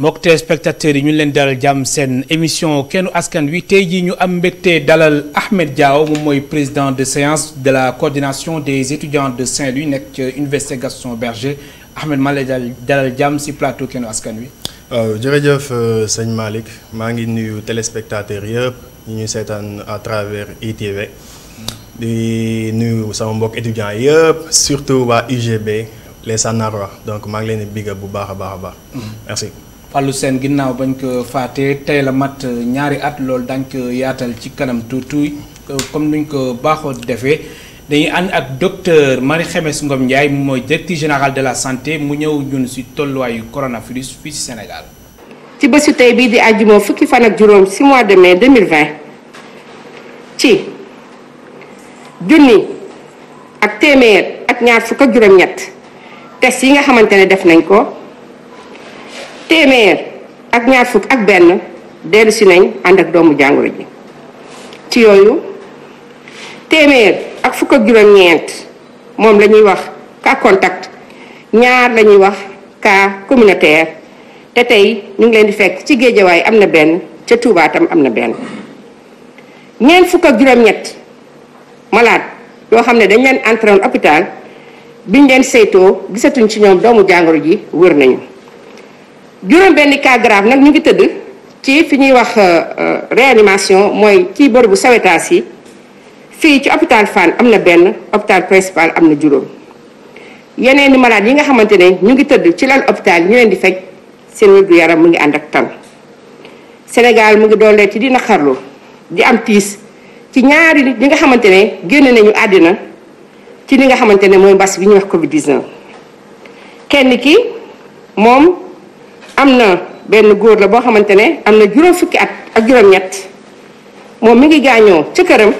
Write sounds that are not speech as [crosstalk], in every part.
Mokte spectateurs yi ñu leen dalal jàmm seen émission kenn askan wi tey jii ñu am mbégte dalal Ahmed Diao moom mooy président de séance de la coordination des étudiants de Saint-Louis nekk ci université Gaston Berger Ahmed Malé dans dalal jàmm si plateau kenn askan wi. waaw jërëjëf euh, sëñ Malick maa ngi nuyu téléspectateurs yëpp ñu ñuy seetaan à travers ITV. Nous sommes sama mbokk étudiants surtout à UGB les Sanarois donc maa ngi leen di bu baax. Mm-hmm. merci. Fallou seen ginnaaw bañ ko faatee tey la mat euh, ñaari at lool dañ ko yaatal ci kanam tuuti euh, comme nuñ ko baaxoo defee dañuy ànd ak docteur Marie Khemesse Ngom Ndiaye moom mooy directeur général de la santé mu ñëw junn si tolluwaayu coronavirus fii si Sénégal. ci bésu tey bii di àjjuma fukki fan ak juróom si mois de mai 2020 ci junni ak téeméer ak ñaar fukk ak juróom-ñett test yi nga xamante ne def nañ ko. téeméer ak ñaar fukk ak benn dellusi nañ ànd ak doomu jàngoro ji ci yooyu téeméer ak fukk ak juróom-ñeent moom lañuy wax cas contact ñaar lañuy wax kaa communautaire te tey ñu ngi leen di fekk ci géejawaay am na benn ca Touba am na benn ñeent fukk ak juróom-ñett malade yoo xam ne dañ leen entraîné hôpital biñ leen saytoo gisatuñ ci ñoom doomu jàngoro ji wër nañu juróom benn cas grave nag ñu ngi tëdd ci fi ñuy wax euh, euh, réanimation mooy ci bu sawetaas yi fii ci hôpital fan am na benn hôpital principal am na juróom yeneen ni malade yi nga xamante ne ñu ngi tëdd ci lan hôpital ñu leen di fekk seen wérgu yaram mu ngi ànd ak tan Sénégal mu ngi doolee ci di naqarlu di am tiis ci ñaari yi ñi nga xamante ne génn nañu àddina ci li nga xamante ne mooy mbas bi ñuy wax Covid 19 kenn ki moom am na benn góor la boo xamante ne am na juróom fukki at ak juróom-ñett moom mi ngi gaañoo ca këram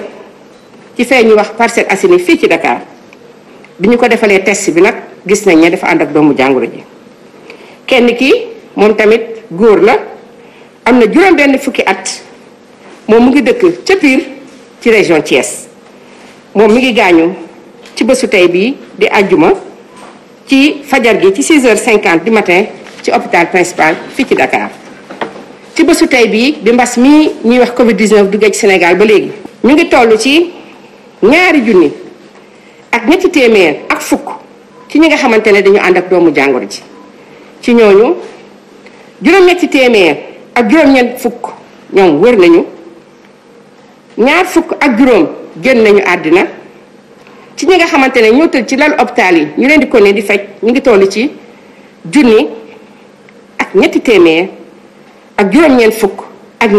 ci feeñu ñu wax Parcelles Assainies fii ci Dakar bi ñu ko defalee test bi nag gis nañ ne dafa ànd ak doomu jàngoro ji kenn kii moom tamit góor la am na juróom benn fukki at moom mu ngi dëkk ca Pire ci région Thiès moom mi ngi gaañu ci bësu tey bii di àjjuma ci fajar gi ci 6 heures 50 du matin ci hôpital principal fii ci Dakar ci bésu tey bii bi mbas mi ñuy wax Covid 19 duggee ci senegal ba léegi. ñu ngi tollu ci ñaari junni ak ñetti téeméer ak fukk ci ñi nga xamante ne dañu ànd ak doomu jàngoro ji ci ñooñu juróom-ñetti téeméer ak juróom-ñeent fukk ñoom wër nañu ñaar fukk ak juróom génn nañu àddina ci ñi nga xamante ne ñoo tëdd ci lalu hôpital yi ñu leen di ko ne di faj ñu ngi toll ci junni. ñetti ak fukk ak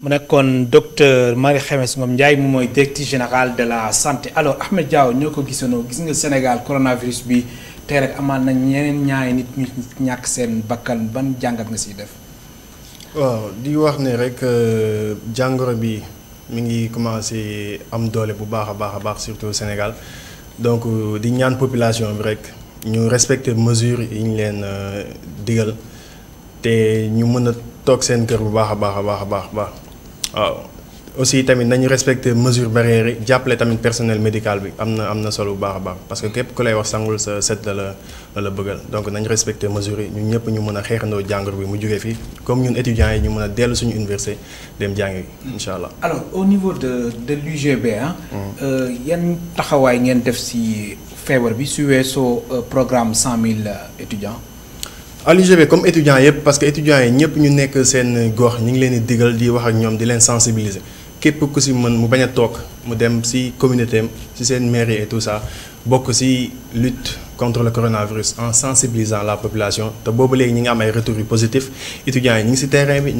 mu docteur Marie Ngom mooy de la santé alors Ahmed Diaw ñoo ko gisanoo Sénégal coronavirus bi tey rek amaat na nit bakkan ban nga def. di wax rek euh, bi mi ngi commencé am doole bu baax surtout Sénégal donc euh, di ñaan population bi rek ñu respecter mesures yi euh, té ñu mëna tok seen kër bu baaxa baaxa baaxa baax baax waaw aussi tamit nañu respecter mesure barrière yi jàppale tamit personnel médical bi am na am na solo bu baax a baax parce que képp ku lay wax sangul sa set la la la la bëggal donc nañu respecter mesure yi ñun ñëpp ñu mën a xeexandoo jàngoro bi mu jógee fii comme ñun étudiants yi ñu mën a dellu suñu université dem jàngi incha allah. alors au niveau de de ugb l'UGB hein, mm. euh, yan taxawaay ngeen def ci feebar bi su weesoo euh, programme cent mille étudiants je vais comme étudiant yep parce que étudiant yep ñëpp ñu nekk seen gox ñu ngi leen di digal di wax ak ñoom di leen sensibiliser képp ku si mën mu bañ a toog mu dem si communauté si c'est une mairie et tout ça bokk si lutte contre le coronavirus en sensibilisant la population te boobu léegi ñi ngi am ay retours positifs étudiants yi ñi ngi terrain bi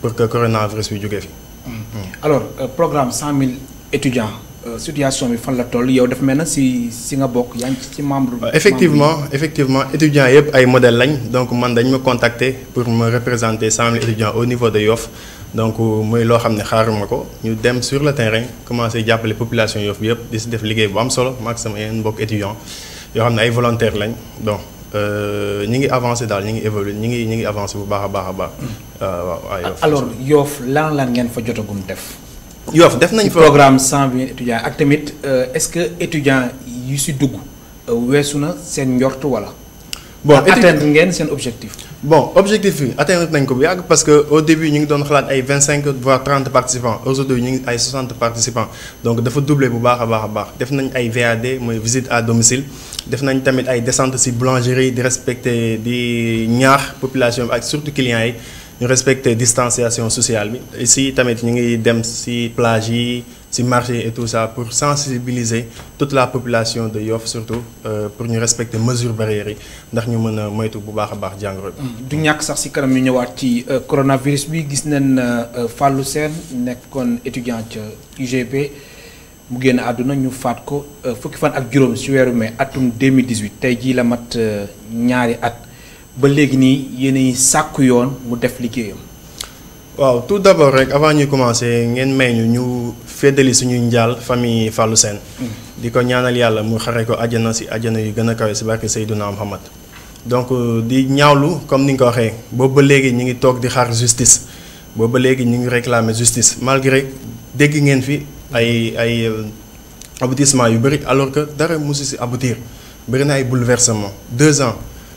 pour que le coronavirus bi jógee fi. Hmm. alors euh, programme 100 000 étudiants. Euh, situation bi fan la toll yow dafa mel na si si nga bokk yaa ci membre. Euh, effectivement effectivement étudiants yeb ay modèle lañ donc man dañ me contacter pour me représenter cent mille étudiants au niveau de Yoff donc euh, muy lo xam ne xaaruma ko ñu dem sur le terrain commencer jàppale population Yoff yeb yëpp di def liggéey bu am solo max sama yeneen bok étudiants yo xam ay volontaires lañ bon. ñi ngi avancer dal ñi ngi évolué ñi ngi ñi ngi avancer bu baaxa baaxa baax alors Yoff lan lan ngeen fa jotagum def. Le programme 120 étudiants. Euh, est-ce que les étudiants sont en train c'est une Bon, atteindre c'est objectif. Bon, objectif, atteindre un objectif, parce qu'au début, nous avons 25 voire 30 participants. Aujourd'hui, nous avons 60 participants. Donc, il faut doubler le bar. à à Nous avons VAD, une visite à domicile. Nous avons une descente de boulangerie, de respecter des populations, surtout les clients ñu respecter distanciation sociale ici si tamit ñu ngi dem si plage yi si marché et tout ça pour sensibiliser toute la population de Yoff surtout euh, pour ñu respecter mesures barrières yi ndax ñu mën a moytu bu baax a baax jàngoro bi. Mm, du ñàkk sax si kanam ñu ñëwaat ci euh, coronavirus bi gis nañ euh, Fallou Sène nekkoon étudiant ca UGB mu génn àdduna ñu faat ko fukki fan ak juróom si weeru mai atum 2018 tey jii la mat ñaari at. ba léegi nii yéenay sàkku yoon mu def liggéeyam. waaw tout d'abord rek avant ñu commencer ngeen may ñu ñu féddali suñuy njaal famille Fallou seen mm. di ko ñaanal yàlla mu xare ko àjjana si àjjana yu gën a kawe si barke Seydouna Muhammad donc euh, di ñaawlu comme ni nga ko waxee boobu ba léegi ñu ngi toog di xaar justice boobu ba léegi ñu ngi réclamer justice malgré dégg ngeen fi ay ay euh, aboutissement yu bëri alors que dara musu si aboutir bëri na ay bouleversement deux ans.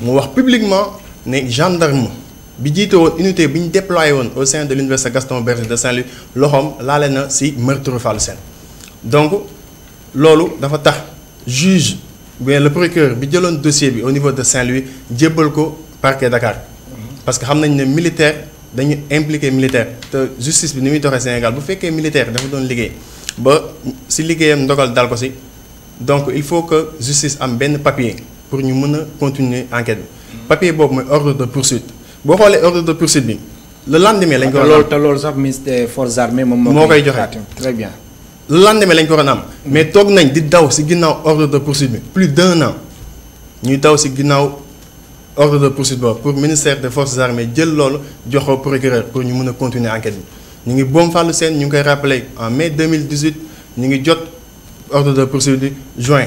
mu wax publiquement les gendarmes, bi jiite unité bi déployé au sein de l'université Gaston Berger de Saint-Louis loxoom là na c'est meurtre Fallou donc lolu dafa tax juge bien le procureur bi jëloon dossier bi au niveau de Saint-Louis djébal ko parquet Dakar parce que xamnañ né militaire dañu impliqué militaire te justice bi ni muy Sénégal bu féké militaire dafa doon liggéey ba si liggéeyam ndogal dal ko ci donc il faut que justice am ben papier pour ñu continuer enquête papier boobu mais ordre de poursuite boo les ordre de poursuite bi le lendemain lañ ko waroon ministre forces armées mon très bien le lendemain lañ mais tout nañ di daw si ginnaaw ordre de poursuite plus d'un an nous daw si ordre de poursuite pour pour ministère des forces armées jël l'eau jox pour procureur pour nous mener continuer enquête Nous ñu ngi boom fàllu seen ñu rappelé en mai 2018 nous avons jot ordre de poursuite juin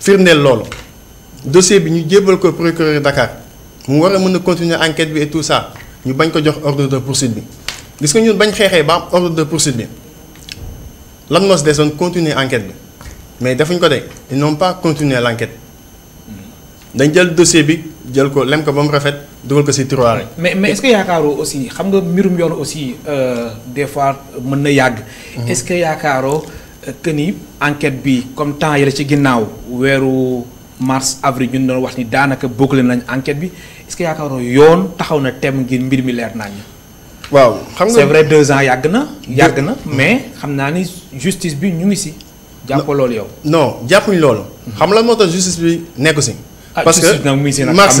Firnel lol. dossier bi ñu jébbal ko procureur Dakar mu war a mën a continuer enquête bi et tout ça ñu bañ ko jox ordre de poursuite bi gis nga ñun bañ xeexee ba am ordre de poursuite bi lan mos desoon continuer enquête bi mais defuñ ko de ils n'ont pas continué l'enquête dañ jël dossier bi jël ko lem ko ba mu rafet dugal ko ci tiroir mais mais est-ce que yaakaaroo aussi xam nga mbirum yoon aussi euh, des fois mën na yàgg. Mhm. est-ce que yaakaaroo que ni enquête bi comme temps yele ci ginnaw wéru mars avril ñun doon wax ni danaka bokkale nañ enquête bi est-ce que yaakaaroo yoon taxaw na thème ngir mbir mi leer nañ waaw xam nga c'est vrai deux ans yàgg na. yàgg na hmm. mais xam naa ni justice bi ñu ngi si. jàppoo loolu yow. non jàppuñ loolu. Hmm. xam la moo tax justice bi nekk si. Ah, parce que mars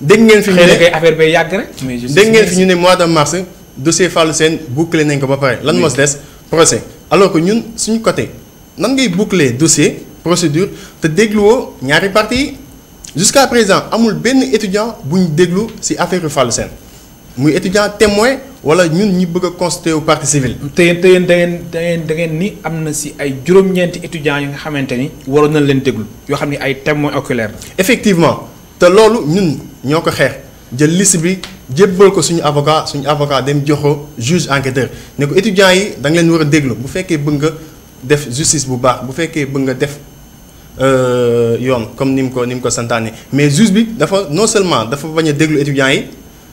dégg ngeen fi ñu ne kay affaire bay yàgg rek. mais dégg ngeen fi ñu ne mois de mars dossier Fallou Sène bouclé nañ ko ba pare lan moo des procès alors que nous, ñun suñu côté nan ngay boucler dossier procédure te dégluwoo ñaari avons réparti. jusqu'à présent amul benn étudiant bu ñu déglu ci affaire Fallou muy étudiant témoin wala ñun ñi bëgg a constitué nous partie civile. te Nous avons da ngeen da ngeen ni ay étudiants qui nga été ni waroon leen déglu yoo xam ay témoins oculaires. effectivement te loolu ñun ñoo ko de liste bi jébbal ko suñu avocat suñu avocat dem joxo juge enquêteur ne ko étudiants yi da leen wara a déglu bu féké bëgg nga def justice bu baax bu féké bëgg nga def euh, yoon comme nim ko nim ko santane mais juge bi dafa non seulement dafa bañ a déglu étudiants yi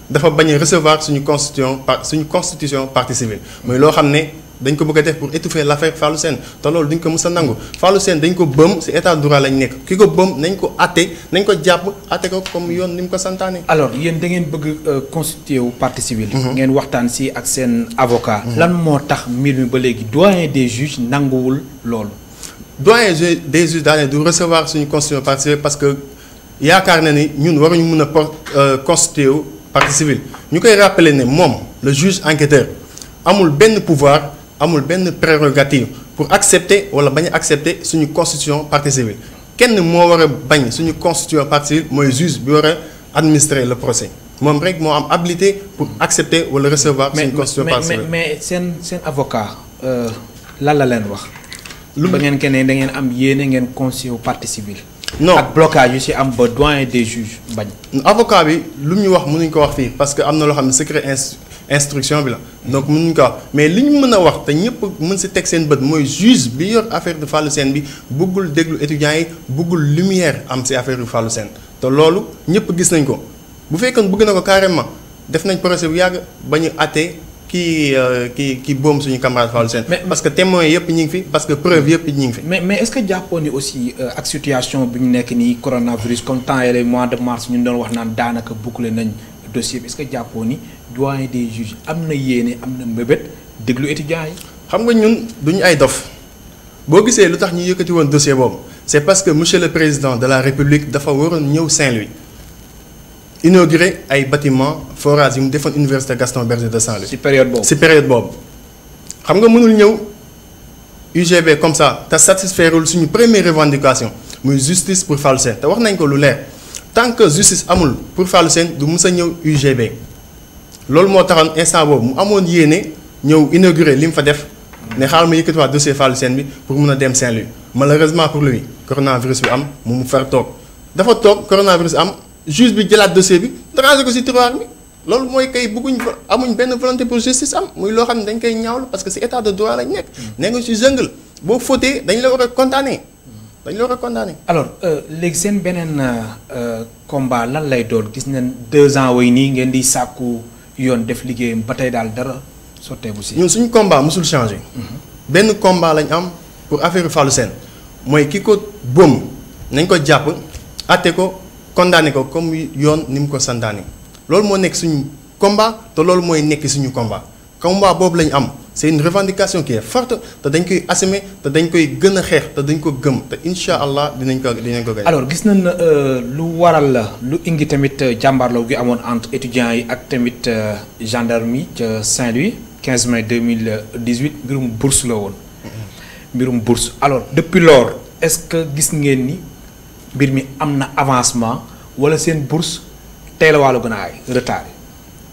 dafa bañ recevoir suñu constitution suñu constitution partie civile moy lo xamné dañ ko bëgg a def pour étouffer l'affaire Fallou Sène te loolu duñ ko mës a nangu Fallou Sène dañ ko bëm ci état droit lañ nekk ki ko bëm nañ ko atte nañ ko jàpp atte ko comme yoon ni mu ko santaane. alors yéen da ngeen bëgg euh, constituer wu partie civile. Mhm. ngeen waxtaan ci ak seen avocat. Mhm. lan moo tax mbir mi ba léegi doyen des juges nanguwul loolu. doyen des juges daanaka du recevoir suñu constitution partie civil parce que yaakaar na ni ñun waruñu mën a por euh, constituer wu partie civile ñu koy rappeler ne moom le juge enquêteur amul benn pouvoir amul ben prérogative pour accepter wala bañ accepter suñu constitution partie civile kenn mo wara a bañ suñu constitution partie civile moy juge bi wara administrer le procès mom rek mo am habilité pour accepter wala recevoir. suñu constitution partie civile mais mais sen sen avocat euh, lan la len wax. lu ba ngeen kené da ngeen am yéene ngeen constitution partie civile. non ak blocage yu si am ba doyen des juges bañ. avocat bi lu ñu wax mënuñ ko wax fi parce que amna lo loo secret institut instruction bi la donc mun ko mais liñ ñu mën a wax te ñëpp mën si teg seen bët mooy juge bi yor affaire de Fallou Sène bi bëggul déglu étudiants yi bëggul lumière am si affaire yu Fallou Sène te loolu ñëpp gis nañ ko bu fekkoon bëgg na ko carrément def nañ procès bu yàgg ba ñu àttee euh, ki ki kii boom suñu camarade Fallou Sène parce que témoins yëpp ñu ngi fi parce que preuve yëpp ñu ngi fi. mais mais est-ce que jàppoon ni aussi euh, ak situation bi ñu nekk nii coronavirus comme temps yële mois de mars ñu doon wax naan daanaka boucler nañ dossier bi est-ce que jàppoon ni doyen des juges amna yene amna mbebet deglu mbébét yi. xam nga ñun duñ ay dof bo gisé lutax ñu yëkkati won dossier bob c'est parce que monsieur le président de la république dafa waroon ñew Saint-Louis inaugurer ay bâtiment forage yu mu université Gaston Berger de Saint-Louis. ci période bob ci période bob xam nga mënul ñew UGB comme ça te satisfairul suñu première revendication muy justice pour Fallou Sène te wax nañ ko lu leer tant que justice amul pour falsen du mësa a ñëw UGB lol mo taxoon instant boobu mu amoon yéene ñëw inauguré li fa def né xaaral ma wa dossier Fallou Sène bi pour mëna dem Saint-Louis malheureusement pour lui coronavirus bi am mu mu faire tok dafa tok coronavirus am juste bi jëlaat dossier bi tracé ko si tiroir bi loolu mooy kay bëgguñ amuñ benn volonté pour justice am muy lo xam dañ koy ñaawl parce que c'est état de droit la lañ né mm. nga ci jungle bo fóotee dañ la war a dañ la war a condamné. alors euh, léegi seen beneen euh, combat lan lay doon gis nañ 2 ans way nii ngeen di sàkku. yoon def liggéeyam ba tey daal dara sotteeku si. ñun suñu combat mosul changé. Mhm. benn combat lañ am pour affaire Fallou Sène mooy ki ko boom nañ ko jàpp atte ko condamné ko comme yoon ni mu ko santaane loolu moo nekk suñu combat te loolu mooy nekk suñu combat combat boobu lañ am. c'est une revendication qui est forte te dañ koy assumer te dañ koy gëna xex xeex te dañ ko gëm te inshallah dinañ ko dinañ ko alors gis nañ euh, lu waral la lu indi tamit euh, jàmbaarloo gi amone entre étudiants yi ak tamit euh, gendarmerie de Saint-Louis 15 mai 2018 mbirum bourse la woon birum bourse alors depuis lors est-ce que gis ngeen ni bir mi amna avancement wala sen bourse teel a wàllu gën ay retard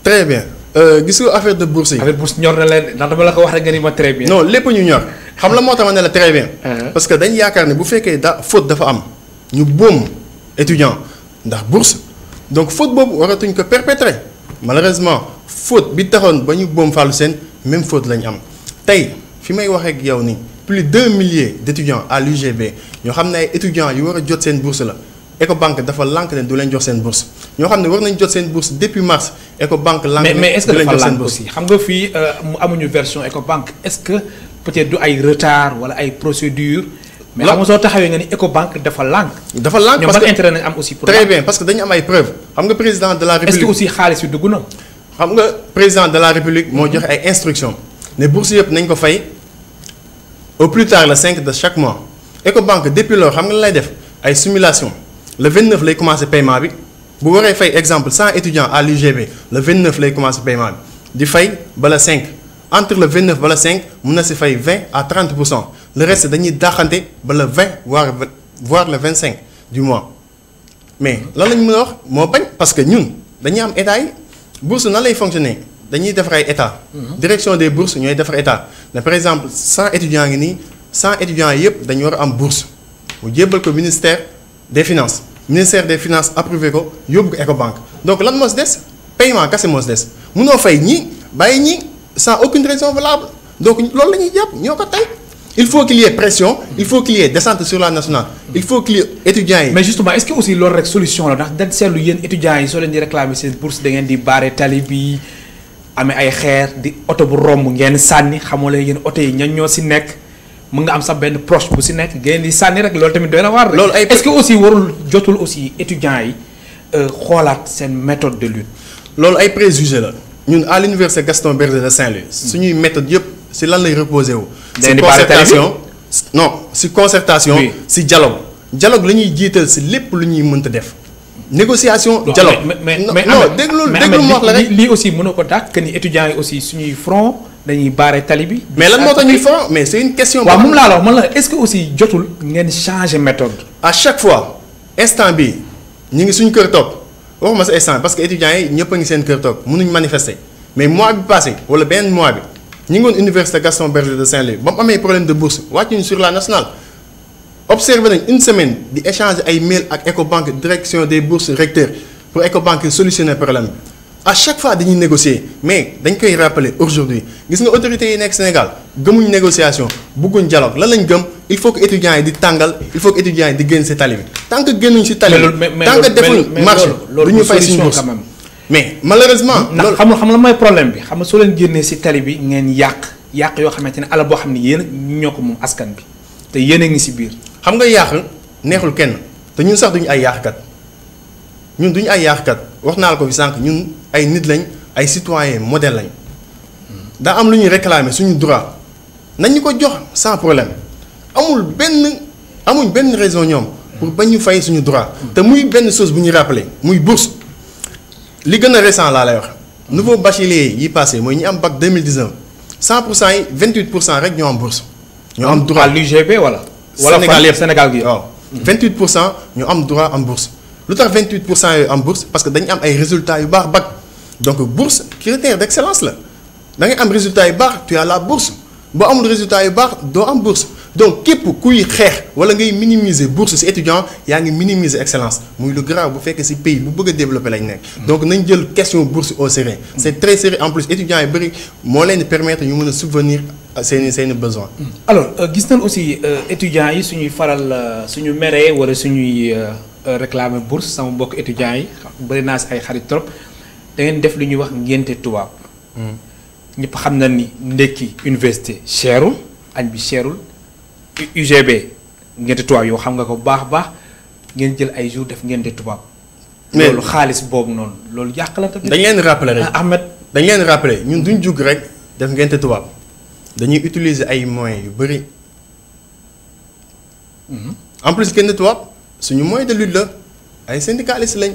très bien euh, gis nga affaire de bourse yi. affaire bourse ñor na leen ndax dama la ko wax rek nga ni ma très bien. non lépp ñu ñor xam la moo tax ne la très bien. Uh-huh. parce que dañ yaakaar ne bu fekkee da faute dafa am ñu boom étudiant ndax bourse donc faute boobu waratuñ ko perpétrer malheureusement faute bi taxoon ba ñu boom Fallou Sène même faute lañ am tey fi may wax ak yow ni plus d'un millier d' étudiants à l'UGB ñoo xam ne ay étudiants yu war a jot seen bourse la. Ecobank dafa lànk ne du leen jox seen bourse ñoo xam ne war nañ jot seen bourse depuis mars Ecobank lànk mais mais est-ce que dafa lànk aussi xam nga fii euh, amuñu version Ecobank est-ce que peut-être du ay retard wala ay procédure mais xam nga soo taxawee nga ni Ecobank dafa lànk. dafa lànk parce que ñoom ban am aussi. pour très bien parce que dañu am ay preuves xam nga président de la république. est-ce que aussi xaalis bi dugg na. xam nga président de la république moo jox ay instructions ne bourse yëpp nañ ko fay au plus tard le 5 de chaque mois Ecobank depuis lors xam nga lay def ay simulation le 29 lay commencé paiement bi bu fait, fay exemple 100 étudiants à l'UGB le 29 lay commencé paiement bi di fay bala 5 entre le 29 et le 5 vous na fay 20 à 30 le reste dañuy daaxante 20 voire voire le 25 du mois mais lan lañ mën wax bañ parce que ñun dañuy am état yi bourse nan lay fonctionner dañuy defar état mhm. direction des bourses il defar état par exemple 100 étudiants 100 étudiants yépp dañu war am bourse mu jébbal ko ministère des finances ministère des finances a approuvé ko yóbbu une banque. donc lan moo paiement Casse moo si des fait fay ni. bàyyi ni. sans aucune raison valable donc loolu la ñuy jàpp ñoo il faut qu'il y ait pression il faut qu'il y ait descente sur la nationale il faut qu'il y ait étudiants mais justement est-ce que aussi leur solution la ndax dañ seetlu yéen étudiants yi soo leen di réclamer seen bourse da des di baare tali bi amee ay xeer di oto romb ngeen sànni xamoo leen yéen ñan ñoo si mën nga am sa proche bu si nekk ngeen di sànni rek loolu tamit doy na est-ce que aussi warul jotul aussi étudiants yi c'est euh, une méthode de lutte. loolu ay préjugé la ñun à l'université Gaston Berger de Saint-Louis. Hmm. suñuy méthode C'est là, lan lay reposer wu. concertation non c'est concertation. si dialogue. dialogue la ñuy jiital si lépp lu ñuy mënta def. négociation dialogue. mais mais mais non dégg loolu lu wax la rek. aussi mënoo ko que ni étudiants yi aussi suñuy front dañuy barré talibi mais lan moo tax ñuy fond mais c'est une question. wa mum la wax man la est-ce que aussi jotul ngeen changer méthode. à chaque fois instant bi ñi ngi suñu kër toog waxuma sa instant parce que étudiants yi ñëpp ngi seen kër toog mënuñ manifester mais mois bi passé wala benn mois bi ñi ngi université Gaston Berger de Saint-Louis ba amé problème de bourse wàccuñu sur la nationale. observé nañ une semaine di échanger ay mail ak Ecobank direction des bourses recteur pour Ecobank solutionner problème à chaque fois dañuy négocier mais dañ koy rappeler aujourd'hui gis nga autorités yi nek Sénégal gëmuñ négociation bëgguñ dialogue lan lañ gëm il faut que étudiants yi di tangal il faut que étudiants yi di génn ci tali tant que génnuñ ci tali tant que defuñ marche du ñu fay suñu bourse mais malheureusement ndax xam xam la may problème bi xam nga leen génnee ci tali ngeen yaq yaq yo xamante ne alal boo xam ne yéen ñoo askan bi te yéen a ngi ci biir xam nga yaq neexul kenn te ñun sax duñ ay kat ñun duñ ay yàqkat wax naa la ko fi sànq ñun ay nit lañ ay citoyen modèle lañ da am luñu réclamer suñu droit nañu ko jox sans problème amul ben amuñ ben raison pour bañu fay suñu droit te muy ben chose buñu rappelé, rappeler muy bourse li qui est récent la lay wax nouveau bachelier yi passé moy ñi am bac 2019 100 yi 28 rek ñoo am bourse ñoo am droit à l'UGB wala voilà Sénégal Sénégal gi 28 pour ñoo am droit am bourse L'autre 28 pour am bourse parce que nous am ay résultats yu baax bac donc bourse critère d'excellence là. da un am résultat baax tu as la bourse boo amul résultat tu baax doo am bourse donc képp kuy xeex wala ngay minimiser bourse c'est étudiant a une minimiser excellence muy le grave bu que si pays bu bëgg développer. la ligne. Donc donc nañ jël question bourse au sérieux. C'est très sérieux en plus étudiants et bëri moi permettre ñu nous subvenir à ces besoins. Hmm. alors euh, gis aussi euh, étudiants yi suñuy faral euh, suñu meree wala ou réclamer bourse sama mbokk bourse, yi bëri naa si ay xarit trop. da ngeen def lu ñuy wax ngénte tubaab. Hmm. ñëpp xam na ni ndekki université cherul añ bi cherul UGB ngénte tubaab yow xam nga ko baax baax ngeen jël ay jour def ngénte tubaab. mais loolu xaalis boobu noonu loolu yàq la tamit. dañ leen rappelé rek ah, Ahmed dañ leen rappelé ñun duñ jug rek def ngénte tubaab dañuy utiliser ay moyens yu bëri. Hmm. en plus ngénte tubaab suñu moyen de lutte la ay syndicalistes lañ.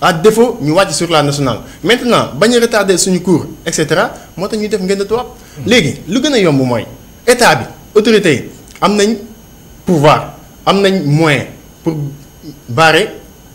à défaut nous voici sur la nationale maintenant si nous retardé suñu cours etc., nous moo def ngeen tubaab lu autorité pouvoir moins moyen pour barrer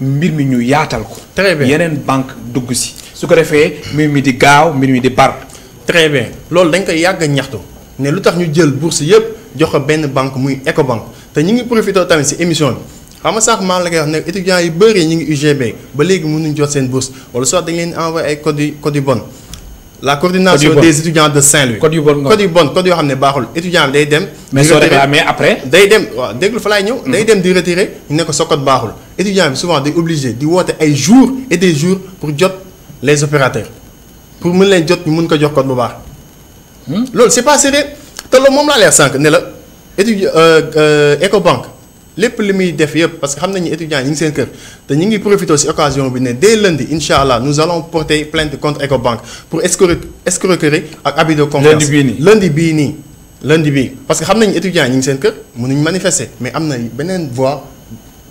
mbir mi ñu yaatal ko. très bien yeneen banque dugg si su ko defee mbir mi di gaaw mbir mi di bar. très bien loolu dañ koy yàgg ñaxtu ne lu tax ñu jël bourse yëpp jox ko benn banque muy Ecobank te ñu ngi profité tamit si émission bi. xam nga sax maa la koy wax ne étudiants yu bëri ñu ngi UGB ba léegi mënuñ jot seen bourse wala soit dañ leen envoyé ay code yu code yu bon la coordination des étudiants de Saint-Louis. code du bon code du bon code du ramener ne étudiants étudiant day dem. mais après. day dem dès que le laay ñëw. Mm-hmm. day dem di retirer il ne que sa code baaxul. souvent day obligé di woote ay jours et des jours pour jot les opérateurs pour mën leen jot ñu mën ko jox code bu baax. Hmm? c'est pas sérieux te loolu moom laa leer le, ne Euh, étudiant euh, Ecobank lépp li muy def yëpp parce que xam nañu étudiants yi ñu ngi seen kër te ngi profité ci occasion bi ne dès lundi incha nous allons porter plainte contre Ecobank pour escroc escroquerie ak abus de confiance lundi bii nii lundi bii nii lundi bii parce que xam nañu étudiants yi ñu ngi seen kër mënuñ manifester mais am na beneen voie.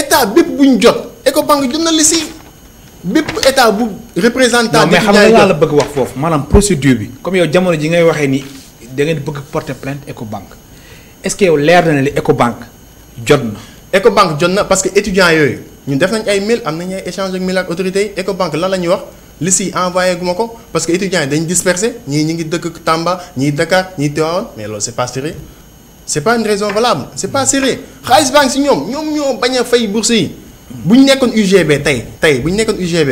état bépp bu ñu eco bank jot na li si bépp état bu représentant. mais xam nga laa la bëgg wax fofu manam procédure bi comme yow jamono ji ngay waxé ni da ngeen bëgg porter plainte Eco Bank. est-ce que yow leer na ne eco bank jot na. bank jot na parce que étudiant yoy ñun def nañ ay mail am nañ ay échange ak mail ak autorités yi Ecobank lan lañ wax. li si envoyé ko parce que étudiant dañ dispersé ñi ñi ngi dëkk Tamba ñi Dakar ñi Tivaouane mais loolu c'est pas sérieux c'est pas une raison valable c'est pas serré xaalis bank ngi si ñoom ñoom ñoo bañ a fay bourse yi bu ñu UGB tey tey bu ñu UGB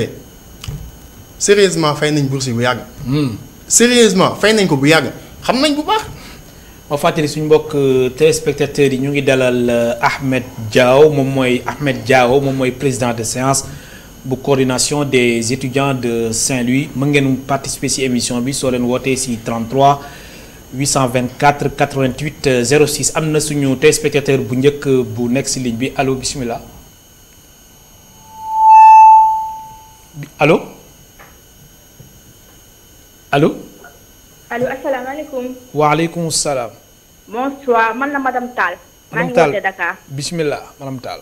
sérieusement fay nañ bourse yi bu yàgg. Hmm. sérieusement fay nañ ko bu yàgg xam nañ bu baax. ma fàttali suñu mbokk euh, téléspectateurs yi ñu ngi dalal euh, Ahmed Diao moom mooy Ahmed Diao moom mooy président de séance bu coordination des étudiants de Saint-Louis mën ngeen participer ci émission bi soo leen wootee ci 33. 824 88 06 amna suñu téléspectateur bu ñëk bu nekk si ligne bi allo bismillah allo allo. allo alaikum. bonsoir man la madame Tal. madame Tal, Dakar. madame Tal.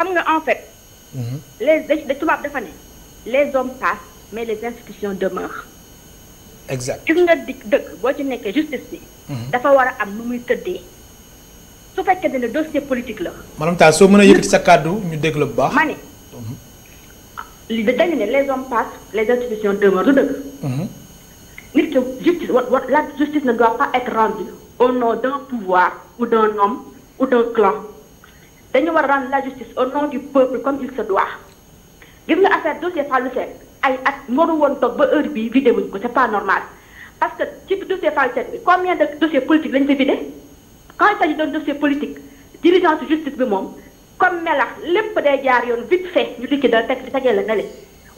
en fait. Mhm. les les hommes passent mais les institutions demeurent exact gis nga di dëgg boo ci nekkee justice bi. Mhm. dafa war a am nu muy tëddee. su fekkee ne dossier politique la. madame taal soo mën a yëkkati sa kàddu ñu dégg la bu baax. ma ne mhm. li les hommes passent les institutions demeurent du dëgg. Mhm. nit la justice ne doit pas être rendue au nom d'un pouvoir ou d'un homme ou d'un clan dañu war rendre la justice au nom du peuple comme il se doit gis nga affaire dossier Fallou Seck ay at mënu won tok ba heure bi vidé wuñ ko c'est pas normal parce que ci dossier Fallou bi combien de dossiers politiques lañ fi vidé quand il s'agit d'un dossier politique dirigeance justice bi mom comme melax lepp day jaar yoon vite fait ñu dikki dal tek di tegee la nale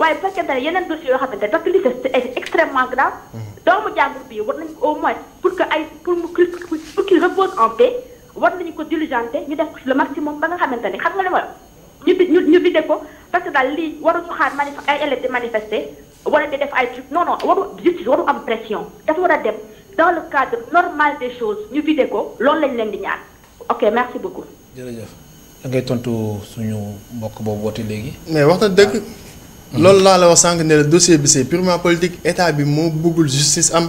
waaye bu fekkente ne yeneen dossier yoo xamante ne parce que li c'est extrêmement grave mmh. doomu jàmbur bi war nañ ko au moins pour que ay pour mu pour qu'il repose en paix war nañu ko diligenté ñu def le maximum ba nga xamante ne xam nga li ma ñu bi ñu ñu ko parce que daal lii waruñu xaar manif ay élèves di manifester wala di def ay truc non non waru justice waru am pression dafa war a dem dans le cadre normal des choses ñu vidé ko loolu lañ leen di ñaan ok merci beaucoup. jërëjëf da ngay tontu suñu mbokk boobu woote léegi. mais wax na dëgg. Ah. loolu laa la wax sànq ne la dossier bi c'est purement politique état bi moo bëggul justice am.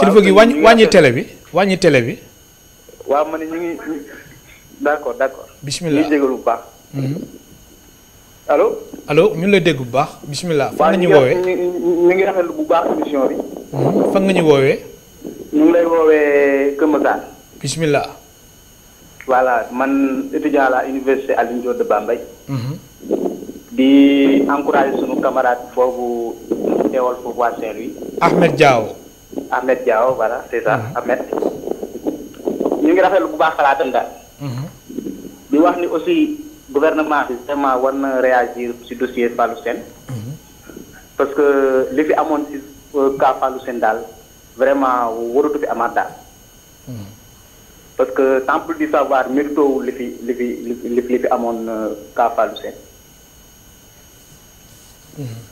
kilifa gi wañi télé bi wañi télé bi. wa ma ne ñu ngi d'accord d'accord bismillah ñi déggul bu baax. hmm allô allô ñu lay dégg bu baax bismillah fa nga ñu wowe ñi ngi rafetlu bu baax émission bi. hmm fa nga ñu wowe ñu lay wowe Kër Massar. bismillah voilà man étudiant la université Alioune Diop de hmm di encourager sunu camarade fofu teewal foofu waa Saint-Louis. Ahmed Diaw. Ahmed Diaw voilà c'est ça Ahmed ñu ngi rafetlu bu baax xalaatam mhm. daal di wax ni aussi gouvernement bi vraiment war na réagir ci dossier Fallou Sen. parce mhm. que li fi amoon ci cas eh, Fallou Sène daal vraiment waratu fi amaat daal parce mhm. que temple du savoir méritoowul li fi li fi li fi amoon cas eh, Fallou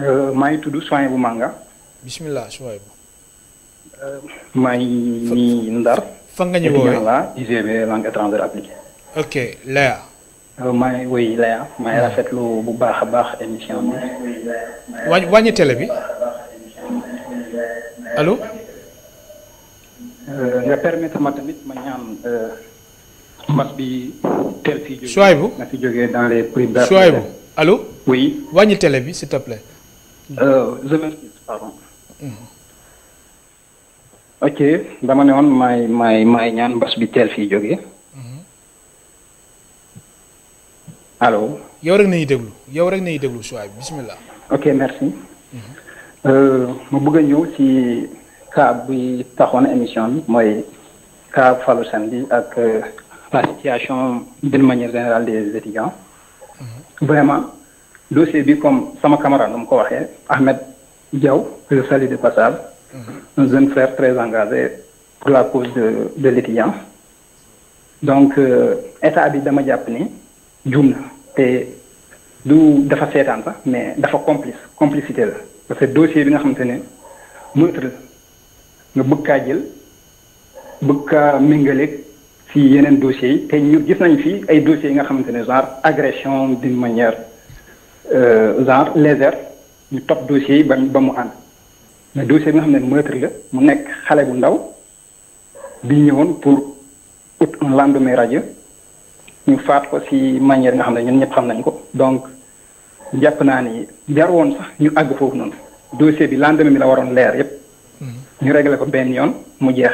Euh, maa tudd Soin bu Manga. Bismillah, Soin bu. Euh, maa ngi Ndar. fa nga ñu woowee la langue étrangère appliquée. ok Léa. Euh, maa oui, Léa maa Oui, bu baax baax émission bi. wañi télé bi nga permettre ma tamit ma ñaan bi fi na fi dans les oui wañi télé bi s'il te plaît. je m'excuse pardon. ok dama ne woon maay maay maay ñaan mbas bi teel fi jógee. alo yow rek nañuy déglu yow rek nañuy déglu suwaay bisimilah. ok merci. Mhm. Euh, ma bëgg a ñëw ci cas bi taxoon émission mooy cas Fallou Sène ak euh, la situation d'une manière générale des étudiants. Mhm. vraiment. dossier bi comme sama camarade nu mu ko waxee Ahmed Diaw que je de passage mhm. un jeune frère très engagé pour la cause de de l'étudiant donc euh, état bi dama jàpp ni juum na te du dafa seetaan sax mais dafa complice complicité la parce que dossier bi nga xamante ne neutre nga bëgg kaa jël bëgg kaa méngaleeg si yeneen dossiers yi te ñu gis nañ fi ay dossiers yi nga xamante ne genre agression d'une manière Euh, genre légère ñu topp dossier yi ba ba mu ànd mais dossier bi nga xam ne meurtre la mu nekk xale bu ndaw bi ñëwoon pour ut un lendemain rajo ñu faat ko ci manière nga xam ne ñun ñëpp xam nañ ko donc jàpp naa ni jar woon sax ñu àgg foofu noonu dossier bi lendemain bi la waroon leer yépp mm-hmm. ñu réglé ko benn yoon mu jeex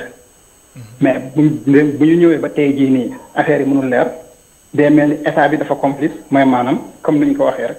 mm-hmm. mais bu bu ñu ñëwee ba tey jii nii affaire yi mënul leer day mel ni état bi dafa complice mooy maanaam comme ni ñu ko waxee rek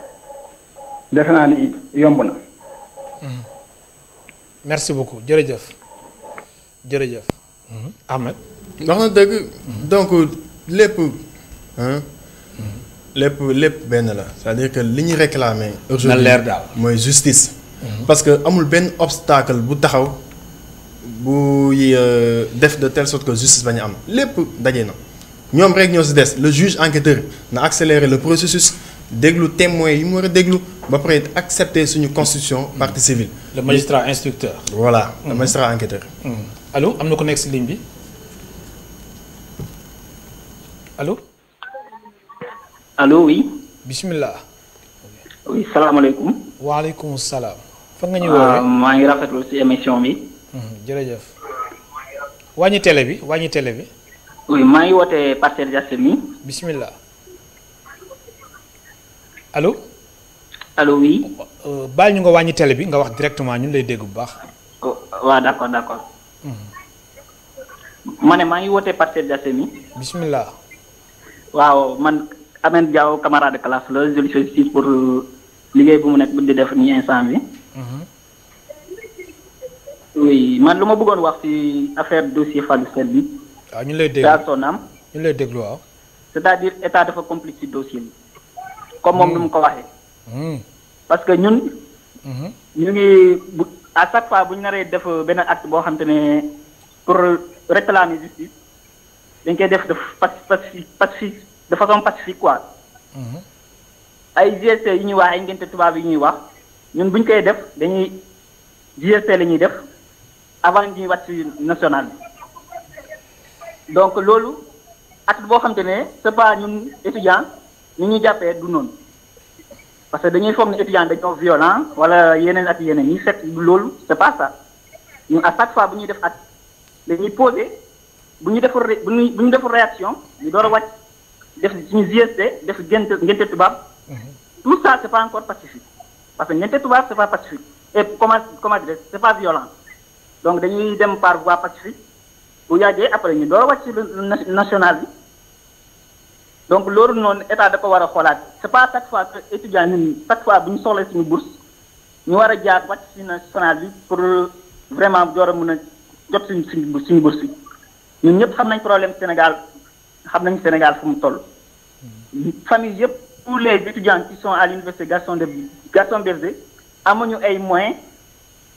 defe ni yomb na. Hmm. merci beaucoup jërëjëf jërëjëf. Hmm. Ahmed. wax na dëgg. donc lépp. Hein, lépp lépp benn la c'est-à-dire que li ñu réclamer. aujourd'hui, leer mooy justice. parce que amul benn obstacle bu taxaw buy euh, def de telle sorte que justice bañ am lépp daje na ñoom rek ñoo ci des le juge enquêteur na accélérer le processus déglu témoin, yi mu war a déglu ba pare accepter suñu constitution partie civile. le magistrat instructeur. voilà le mhm. magistrat enquêteur. Mhm. Allô. am na ku nekk si ligne bi allo. allo oui. Bismillah. oui salaamaaleykum. waaleykum salaam. fan nga ñu euh, woowee maa ngi rafetlu si émission bi. Mhm, jërëjëf. wàññi télé bi wàññi télé bi. oui maa ngi wootee Parcelles mi. Bismillah. allo. allo oui. Euh, baal ñu nga wàññi tele bi nga wax directement ñun lay dégg bu baax. Oh, waaw d' accord d' accord. Hmm. ne maa ngi wootee Parcelles Assainies. bismillah. waaw man Ameth Diaw camarade de classe la je le félicite pour euh, liggéey bu mu nekk bu di def nii instant bi. Hmm. oui man lu ma bëggoon wax ci affaire dossier Fallou Sène bi. waaw ah, ñu lay dégg daal sonam. ñu lay déglu waaw. c' est à dire état dafa compliqué ci dossier comme moom mm. nu mu ko waxee. Mm. parce que ñun. Mm-hmm. ñu ngi bu à chaque fois bu ñu naree def benn acte boo xam te ne pour réclamer justice dañ koy def de paci paci de façon pacifique quoi. Mm-hmm. ay GST yu ñuy wax ay ngénte tubaab yu ñuy wax ñun bu ñu koy def dañuy GST lañuy def avant ñuy wàcc national donc loolu acte boo xam ne c'est pas ñun étudiant ni ñu jàppee du noonu parce que dañuy foog ne étudiant dañoo violent wala yeneen ak yeneen ñi set loolu c'est pas ça ñu a chaque fois bu ñuy def at dañuy posé bu ñu deful bu ñu bu ñu deful réaction ñu door a def def suñu GST def gente ngénte tubaab mhm. tout ça c'est pas encore pacifique parce que ngénte tubaab c'est pas pacifique et comment comment dire c'est pas violent donc dañuy dem par voie pacifique bu yàggee après ñu door a wàcc national bi donc loolu noonu da ko war a xoolaat c' est pas chaque fois que étudiant ñun chaque fois bu ñu soxla suñu bourse ñu war a jaar wàcc na national bi pour vraiment door a mën a jot suñu suñu suñu bourse yi ñëpp xam nañ problème Sénégal xam nañ Sénégal fu mu toll. famille yëpp tous les étudiants qui sont à l'université Gaston de Gaston Berger amuñu ay moyens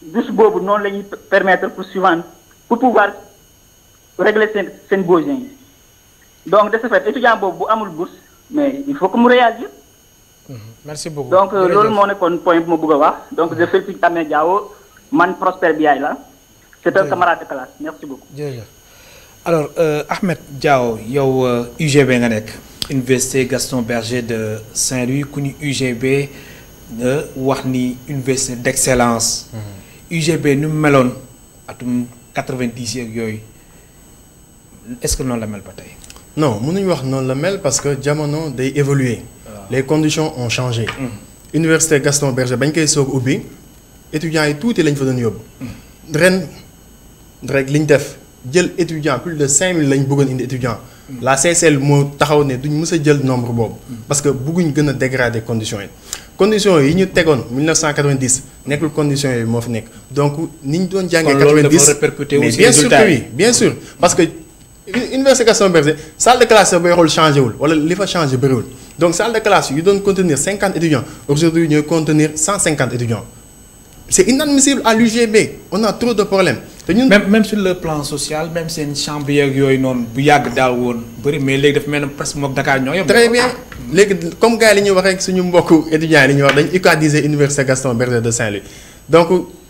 bourse boobu noonu la ñuy permettre pour suivre pour pouvoir régler seen seen besoins donc de ce fait étudiant boobu bu amul bourse mais il faut que mu réagir. Mhm. merci beaucoup donc c'est ce que point bu dire. bëgg a wax donc je mhm. félicite Amé Diawo man Prosper Biaye la c'est un camarade de classe merci beaucoup. jërëjëf alors euh, Ahmed Diawo yow UGB euh, nga Université Gaston Berger de Saint-Louis ku ñu UGB wax ni université d'excellence. Mhm. UGB nous mu meloon atum 90 ans. est-ce que nous la mel ba non mënuñ wax non la mel parce que Diamono a évolué. Ah. les conditions ont changé. Hmm. université Gaston Berger bañ koy soog les étudiants yi tuuti lañ fa doon yóbbu. Hmm. ren rek liñ def jël étudiant plus de 5000 lañ bëggoon indi étudiant. Hmm. la CCL moo taxaw ne duñ mës a jël nombre parce que bëgguñ gën a dégrader conditions les conditions yi ñu tegoon 1990 Les conditions yi moo fi donc nous ñu doon jàngee. 1990... mais bien sûr que oui bien sûr parce que université Gaston Berger salle de classe bay rôle changé wul wala li fa changé donc salle de classe yu doon contenir 50 étudiants aujourd'hui doit contenir 150 étudiants c'est inadmissible à l'UGB on a trop de problèmes. même sur le plan social même une chambre une chambre noonu bu yag daaw woon bëri mais légui dafa mel ne presque mok Dakar ñoy très bien comme gars li ñu wax rek suñu mbokku étudiants li ñu wax université Gaston Berger de Saint-Louis donc.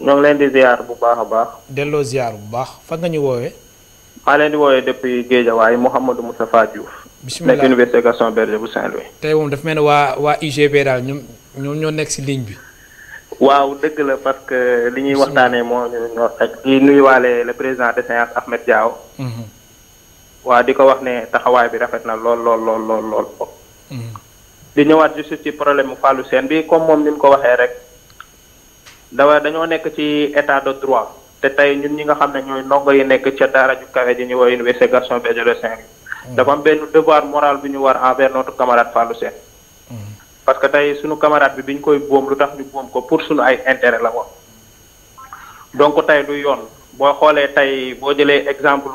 ñoo leen di ziar bu baax a baax. delloo ziar bu baax fan nga ñu woowee. maa leen di woowee depuis Guédiawaye Mouhamadou Moustapha Diouf. bisimilah nekk université Gaston Berger bu Saint-Louis. tey moom dafa mel ne waa waa UGB daal ñoom ñoom ñoo nekk si ligne bi. waaw dëgg la parce que li ñuy waxtaanee moo ñu ñor ak di nuyuwaale le président de séance Ahmed Diaw. Mhm. waa di ko wax ne taxawaay bi rafet na lool lool lool lool lool. Mhm. di ñëwaat juste ci problème mu Fallou bi comme moom ni mu ko waxee rek. dawa dañoo nekk ci état de droit te tey ñun ñi nga xam ne ñooy ndongo yi nekk ca daara ju kawe ji ñu woy université Gaston Berger de Saint-Louis hmm. dafa am benn devoir moral bu ñu war envers notre camarade Fallou Sène hmm. parce que tey suñu camarade bi bi ñu koy boom lu tax ñu boom ko pour suñu ay intérêt la woon donc tey du yoon boo xoolee tey boo jëlee exemple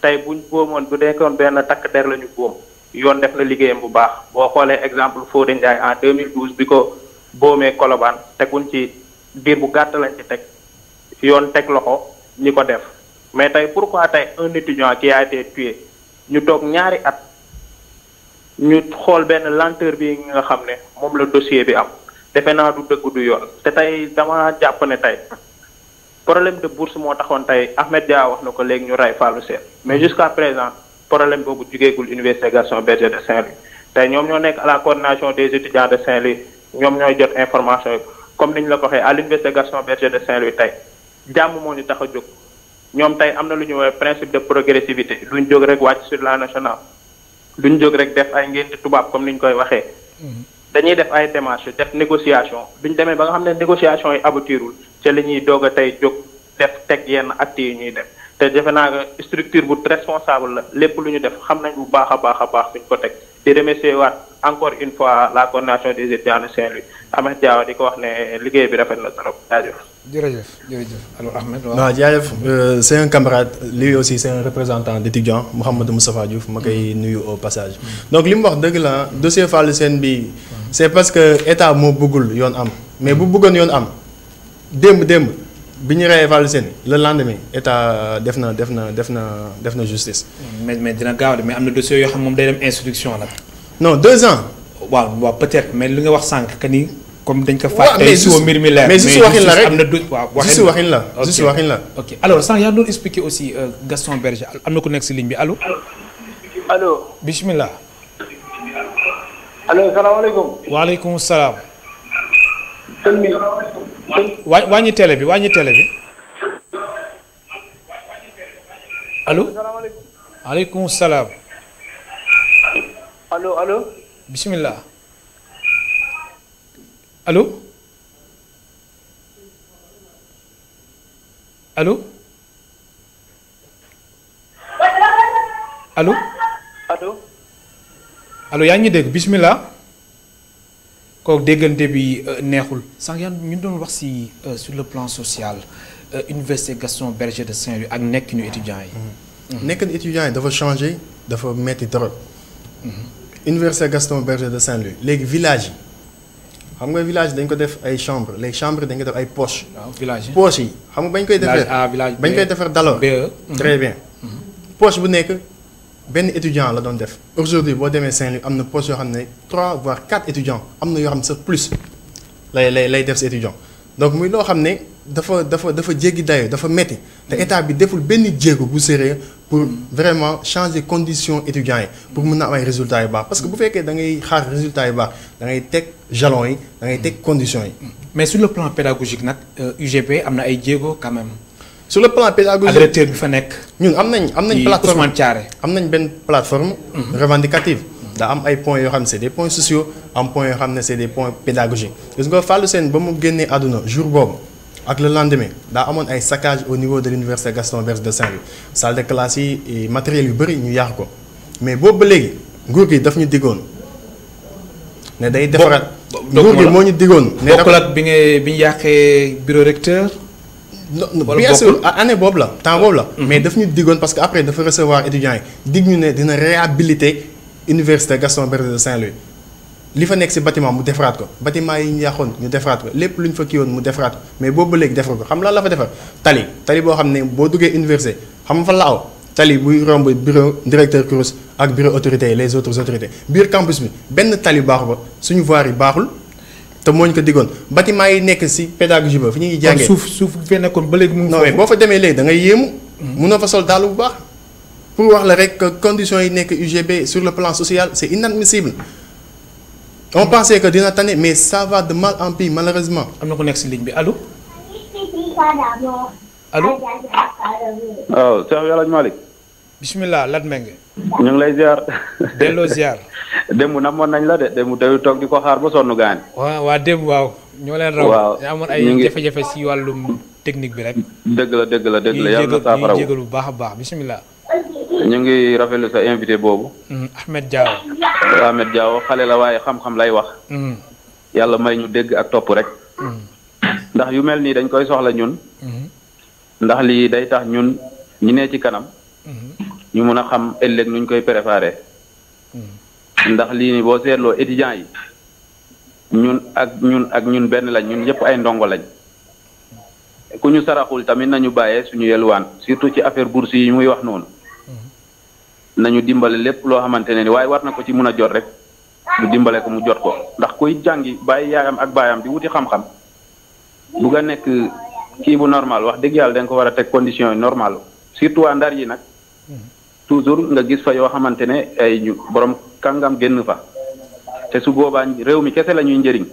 tey buñ boomoon bu nekkoon benn takk der la ñu boom yoon def na liggéeyam bu baax boo xoolee exemple Fodé Ndiaye en 2012 bi ko boomee Colobane teguñ ci diir bu gàtt lañ ci teg yoon teg loxo ñi ko def mais tey pourquoi tey un étudiant qui a été tué ñu toog ñaari at ñu xool benn lenteur bi nga xam ne moom la dossier bi am defe naa du dëgg du yoon te tey dama jàpp ne tey problème de bourse moo taxoon tey Ahmed Dia wax na ko léegi ñu rey Fallou Sène mais jusqu'à présent problème boobu jugeegul université Gaston Berger de Saint-Louis tey ñoom ñoo nekk à la coordination des étudiants de Saint-Louis ñoom ñooy jot information comme ñu la ko waxee à l'université Gaston Berger de Saint-Louis tey jàmm moo ñu tax a jóg ñoom tey am na lu ñu woowee principe de progressivité duñ jóg rek wàcc sur la nationale ñu jóg rek def ay ngénte tubaab comme ni ñu koy waxee. Mm-hmm. dañuy def ay démarches def négociation bi ñu demee ba nga xam ne négociation yi aboutirul ca li ñuy doog a tey jóg def teg yenn actes yi ñuy def te defe naa structure bu responsable la lépp lu ñu def xam nañ bu baax a baax a baax fi ko teg di remercier waat encore une fois la coordination des étudiants de saint Ahmed Diaw di ko wax ne liggéey bi rafet na trop jaajëf. jërëjëf jërëjëf alors Ahmed. waaw jaajëf euh, c'est un camarade lui aussi c'est un représentant d'étudiant Mouhamadou Moustapha Diouf ma koy nuyu au passage. donc li mu wax dëgg la dossier Fallou Sène bi c'est parce que état moo bëggul yoon am mais bu bëggoon yoon am démb démb bi ñu reyee Fallou Sène le lendemain état def na def na def na def na justice. mais mais dina gaaw de mais am na dossier yoo xam moom day dem instruction la. non deux ans peut-être mais le nga wax comme d'un ko fait mais juste mais waxin la juste la juste waxin la. ok alors y a d'autres expliquer aussi euh, Gaston Berger allô na ku allô ligne bi allo. allo bisimilah. allo salam alaykoum wa télé bi télé bi. allo. allo allo bismillah Allô? Allô? Allô? Allô? yaa ngi dégg bismillah kooku vous bi euh, neexul sànq yaa ñu doon euh, sur le plan social euh, Université Gaston Berger de Saint-Louis avec nekk ñu étudiants yi. Mm-hmm. étudiants yi dafa changer mettre des drogues université Gaston Berger de Saint-Louis les villages yi xam nga village dañ ko def ay chambre les chambres dañ ko def ay poches. Ah, village poches yi xam nga bañ koy. defar bañ koy e. très bien. Mhm. poche bu que ben étudiant la don def. aujourd'hui boo demee Saint-Louis am na poche yoo xam trois voire quatre étudiants am na xam plus lay lay lay def si donc nous loo xam dafa dafa dafa jéggi dayo dafa metti te mm. état bi deful benn jéego bu sérieux pour vraiment changer conditions étudiants pour mun am ay résultats yu baax parce que bu fekkee da ngay xaar résultats yu baax da ngay teg jalon yi da ngay teg mm. conditions yi mm. mais sur le plan pédagogique nag UGP euh, am na ay jéego quand même sur le plan pédagogique directeur bi fa nekk ñun am nañ am nañ plateforme Ousmane Thiaré am nañ benn plateforme mm-hmm. revendicative mm-hmm. da am ay points yoo xam c'est des points sociaux am points yoo xam ne c'est des points pédagogiques gis nga Fallou Sène ba mu génnee àdduna jour boobu ak le lendemain daa amoon ay saccage au niveau de l'université Gaston Berger de Saint-Louis salle de classe et matériel yu bëri ñu ko mais boobu ba léegi nguur gi daf ñu diggoon ne day defaraat nguur gi moo ñu diggoon ne bokkul ak bi bureau recteur bien sûr année Bob la temps Bob la mm-hmm. mais daf ñu parce que après dafa recevoir étudiants yi d'une réhabilité dina réhabiliter université Gaston Berger de Saint-Louis li fa nek si bâtiment mu ko bâtiment yi ñu ñu mais la fa tali tali bo xamné ne duggé université xam tali romb bureau directeur course ak bureau autorité les autres autorités biir campus bi ben tali ba suñu voir yi te ko bâtiment yi pédagogie ba fi suuf suuf mu non mais bo fa da ngay mm-hmm. fa sol pour wax la conditions yi UGB sur le plan social c'est inadmissible on pensait que Dieu n'attendait, mais ça va de mal en pire, malheureusement. am na ku nekk si ligne bi allo. allo. waaw Cheikh El Hadj Malick. bisimilah Lat Mbengue. nañ la de démb tey toog di ko xaar ba sonn gaañ. waaw waa démb waaw. ñoo leen raw waaw ñu amoon ay jafe-jafe si wàllum technique bi rek. dëgg la dëgg la dëgg la yàlla na saafara wu baax baax bisimilah. ñu ngi rafetlu sa invité boobu. Mm, Ahmed Diaw. Ahmed Diaw xale la waaye xam-xam lay wax. Mm. yàlla may ñu dégg ak topp rek. Mm. ndax yu mel nii dañ koy soxla ñun. Mm-hmm. ndax lii day tax ñun ñi ne ci kanam. Mm-hmm. ñu mën a xam ëllëg nuñ koy préparé. Mm-hmm. ndax lii nii boo seetloo étudiants yi ñun ak ñun ak ñun benn lañ ñun ñëpp ay ndongo lañ. ku ñu saraxul tamit nañu bàyyee suñu yelwaan surtout ci affaire bourse yi muy wax noonu. nañu dimbale lépp loo xamante ne ni waaye war na ko ci mun a jot rek ñu dimbale ko mu jot ko ndax kuy jàngi bàyyi yaayam ak baayam di wuti xam-xam bu nga nekk kii bu normal wax dëgg yàlla da ko war a teg condition yi normal surtout waa ndar yi nag toujours nga gis fa yoo xamante ne ay borom kàngam génn fa te su boobaa réew mi kese la ñuy njëriñ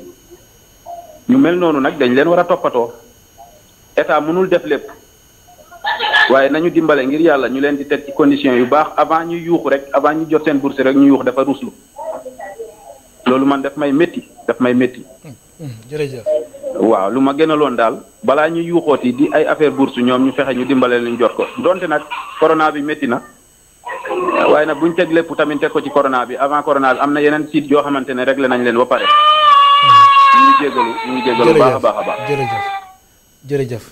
ñu mel noonu nag dañ leen war a toppatoo état mënul def lépp. waaye nañu dimbale ngir yàlla ñu leen di teg ci condition yu baax avant ñu yuuxu rek avant ñu jot seen bourse rek ñu yuux dafa ruslu loolu man daf may métti daf may métti. Hmm, hmm, jërëjëf. waaw lu ma gënaloon daal balaa ñu yuuxooti di ay affaire bourse ñoom ñu fexe ñu dimbale leen jot ko donte nag corona bi métti na. waaye nag bu ñu teg lépp tamit teg ko ci corona bi avant corona bi am na yeneen sites yoo xamante ne réglé nañ leen ba pare. Hmm. ñu ngi jégalu ñu ngi baax a baax a baax jërëjëf.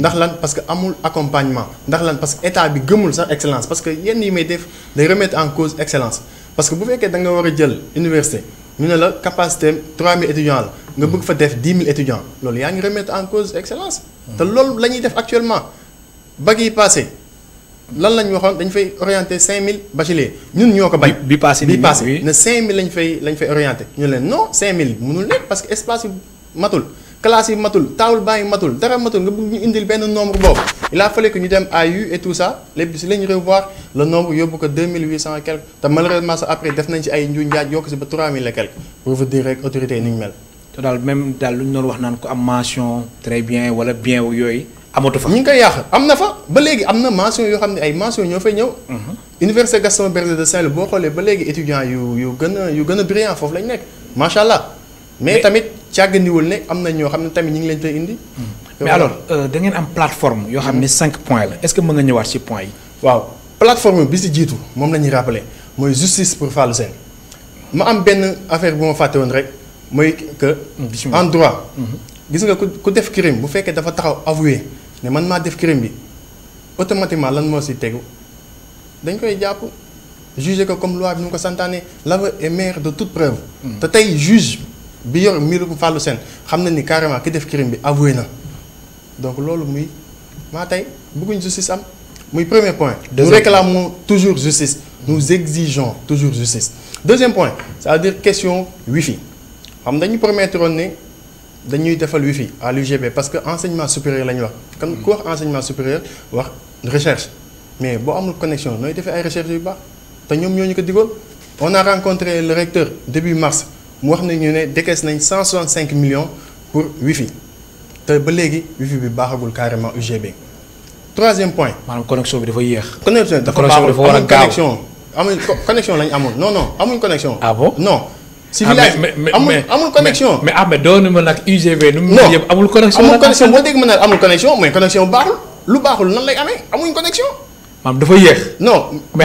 parce que accompagnement ndax lan parce que état bi excellence parce que yenn yi remettre en cause excellence parce que vous fekkee da nga université ñu capacité 3000 étudiants Nous nga bëgg 10 000 étudiants loolu yaa en cause excellence. te loolu la actuellement passé lan 5000 bacheliers ñun ñoo ko bi passé passé ne 5000 lañ fay lañ fay orienter. non 5000 parce que espace matul classes yi matul table banc yi matul dara matul nga bëgg ñu indil benn nombre boobu il a fallu que ñu dem AU et tout ça les bis lañ revoir le nombre yóbbu ko 2800 quelque te malheureusement sax après def nañ ci ay njuñ njaaj yokk si ba 3000 et quelque pour vous dire rek autorité ni ñu mel. te daal même daal lu ñu doon wax naan ko am mention très bien wala bien wu yooyu amatu fa. ñu ngi koy yàq am na fa ba léegi am na mention yoo xam ne ay mention ñoo fay ñëw. Mhm. Université Gaston Berger de Saint-Louis boo xoolee ba léegi étudiant yu yu gën a yu gën a brillant foofu lañ nekk macha allah. mais tamit càggandiwul ne amna na ñoo xam ne tamit ñu ngi leen tay indi. mais alors euh, da ngeen am plateforme yo xamne 5 mm-hmm. points la est-ce que mën nga ñëwaat ci point yi. waaw plateforme bi ci jitu mom la rappeler moy justice pour Fallou Sène ma am benn affaire bu ma faté won rek moy que. Mm, en droit. Mm-hmm. gis nga ku def crime bu fekkee dafa taxaw avouer ne man ma def crime bi automatiquement lan mo ci tegu dañ koy japp juger ko comme loi bi nu ko santané l'aveu est mère de toute preuve. Mm. te tey juge bi yor mbirum Fallou Sène xam ni carrément ki def crime bi avoué na donc loolu muy maa tey bëgguñ justice am muy premier point. nous réclamons toujours justice. nous exigeons toujours justice. deuxième point c'est-à-dire question wifi xam dañu promettre woon ne dañuy defal wifi à l'UGB parce que enseignement supérieur la ñu wax. kan hmm. ku enseignement supérieur wax recherche mais boo amul connexion nooy defee ay recherche yu baax te ñoom ñoo ko on a rencontré le recteur début mars nous avons 165 millions pour wifi ba wifi bi carrément UGB. troisième point. la connexion bi dafa connexion connexion Non, non, lañ non non connexion. ah bon non. si ah, village connexion. mais ah mais UGB. une connexion connexion dégg connexion mais connexion lu baaxul connexion. a dafa non mais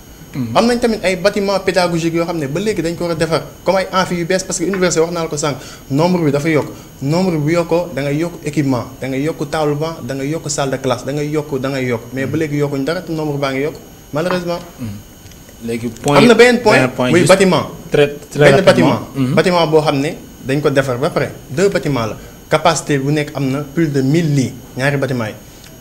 Mm-hmm. am nañ tamit ay bâtiment pédagogique yoo xam ne ba léegi dañ ko war a defar comme ay amphi yu bees parce que université wax naa ko sànq nombre bi dafa yokk nombre bi yokko da ngay yokk équipement da ngay yokk table banc da ngay yokk salle de classe da ngay yokk da ngay yokk mais ba mm-hmm. léegi yokkuñ dara te nombre baa ngi yokk malheureusement. Mm-hmm. léegi point am na benn point muy bâtiment. très très benn bâtiment. bâtiment boo xam ne dañ ko defar ba pare deux bâtiments la capacité bu nekk am na plus de 1000 lits ñaari bâtiment yi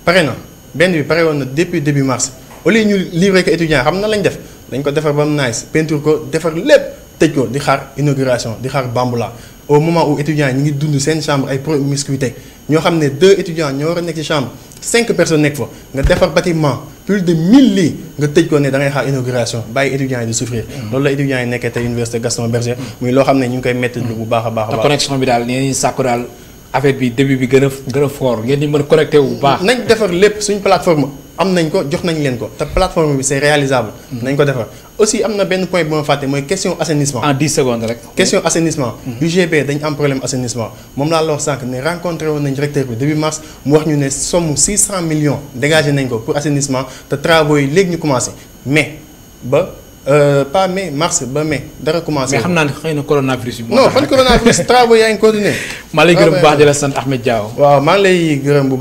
pare na benn bi pare woon na depuis début mars au lieu ñu livrer ko étudiant xam na lañ def dañ ko defar bam nice peinture ko defar lépp tej ko di xaar inauguration di xaar bambula au moment où étudiants ñi ngi dund seen chambre ay promiscuité ñoo xam ne deux étudiants ñoo war a nekk ci chambre cinq personnes nekk fa nga defar bâtiment plus de mille lits nga tëj ko ne da ngay xaar inauguration bàyyi étudiants yi di souffrir. Hmm. loolu la étudiants yi nekkee tey université Gaston Berger. muy loo xam ne ñu ngi koy métti lu bu baax a baax connexion bi daal nee nañu daal affaire bi début bi gëna gëna a fort ngeen di mën connecté wu bu baax. nañ défar lépp suñ plateforme am nañ ko jox nañ leen ko te plateforme bi c'est réalisable. Hmm. nañ ko défar aussi am na benn point bu ma fàtte mooy question assainissement. en 10 secondes rek. question assainissement. Hmm. UGB dañ am problème assainissement moom laa la wax sànq ne rencontré woon nañ recteur bi début mars mu wax ñu ne somme six millions dégagé nañ ko pour assainissement te travaux yi léegi ñu commencé mais ba. Euh, pas mai mars mai dara commencé. mais xam naa ne xëy na coronavirus bi. non fan coronavirus [laughs] travaux yaa ngi continué. maa lay gërëm ah la sant Ahmed Diaw. wa maa ngi lay gërëm bu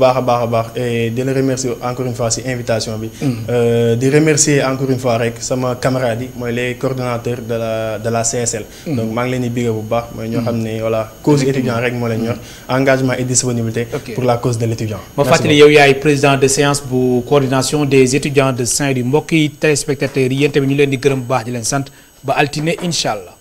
et de le remercier encore une fois si invitation bi. Mm. Euh, de remercier encore une fois rek sama camarade moi les coordonnateurs de la de la CSL. Mm. donc maa ngi leen di bigé bu ñoo mm. voilà cause étudiant rek moo leen engagement et disponibilité. pour la cause de l'étudiant ma fàttali yow yaay président de séance pour coordination des étudiants de Saint-Louis mbokk yi très yi de tamit ñu leen di gërëm baax di leen sant ba altine incha allah.